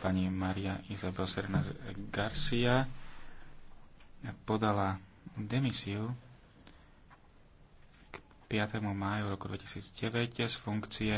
pani Maria Isabel Serna Garcia podala demisiu k 5. máju roku 2009 z funkcie